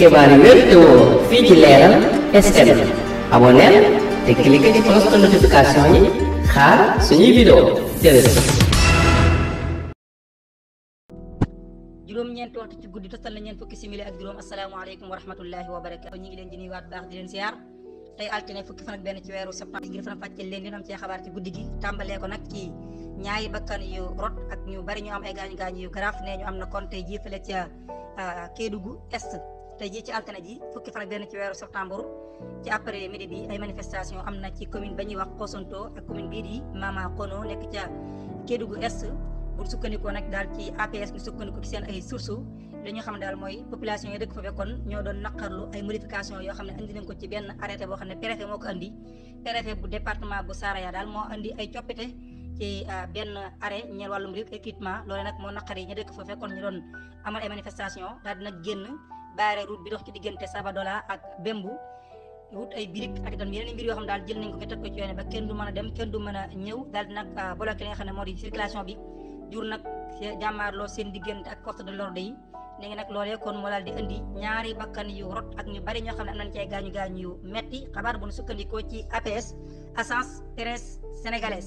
Kembali to Vigilaran SM. Abonen, te klik di post notifikasinya. Har sunyi video. Terus. juróom ñeenti waxtu ci guddi tostal na ñeent fukki simili ak juróom asalaamaaleykum wa rahmatullahi wa barakatu ñu ngi leen di nuyuwaat baax di leen siyaar tey altine fukki fan ak benn ci weeru septembre ngir fan fàcceel leen dina am ci ci guddi gi ko ci bakkan yu rot ak ñu bari ñu am ay gaañu gaañu yu garaaf ne ñu am na ah, est tey jii ci altine ji fukki fan ak benn ci weeru septembre ci après midi bi ay manifestation am na ci commune ba ñuy wax Kosonto ak commune bii di Mama Kono nekk ca Kédougou Est bu sukkandikoo nag daal ci APS bi sukkandikoo ci seen ay sources li ñu xam ne daal mooy population yi dëkk fa fekkoon ñoo doon naqarlu ay yoo xam ne andi ko ci benn arrêté xam ne préfet moo département bu Saraya daal moo andi ay coppite ci euh, benn arrêt ñeel wàllum rek équipement loolu nag moo naqar yi ñu dëkk fa fekkoon ñu doon amal ay manifestation daal dina génn baaree route bi dox ci saba dola ak Bembu wut ay birik ak itam yeneen mbir yo xam dal jël nañ ko ko ko ci ba kenn du dem kenn du mën a ñëw daal di nag ki ah, nga xamne modi di circulation bi jur jamar lo seen diggante ak porte de l'ordre yi ni nga nak lolé kon mo dal di indi ñaari bakkan yu rot ak ñu bari ño xamne am nañ ci gañu gañu yu metti xabar bu sukkandi ko ci APS Agence Teres Sénégalaise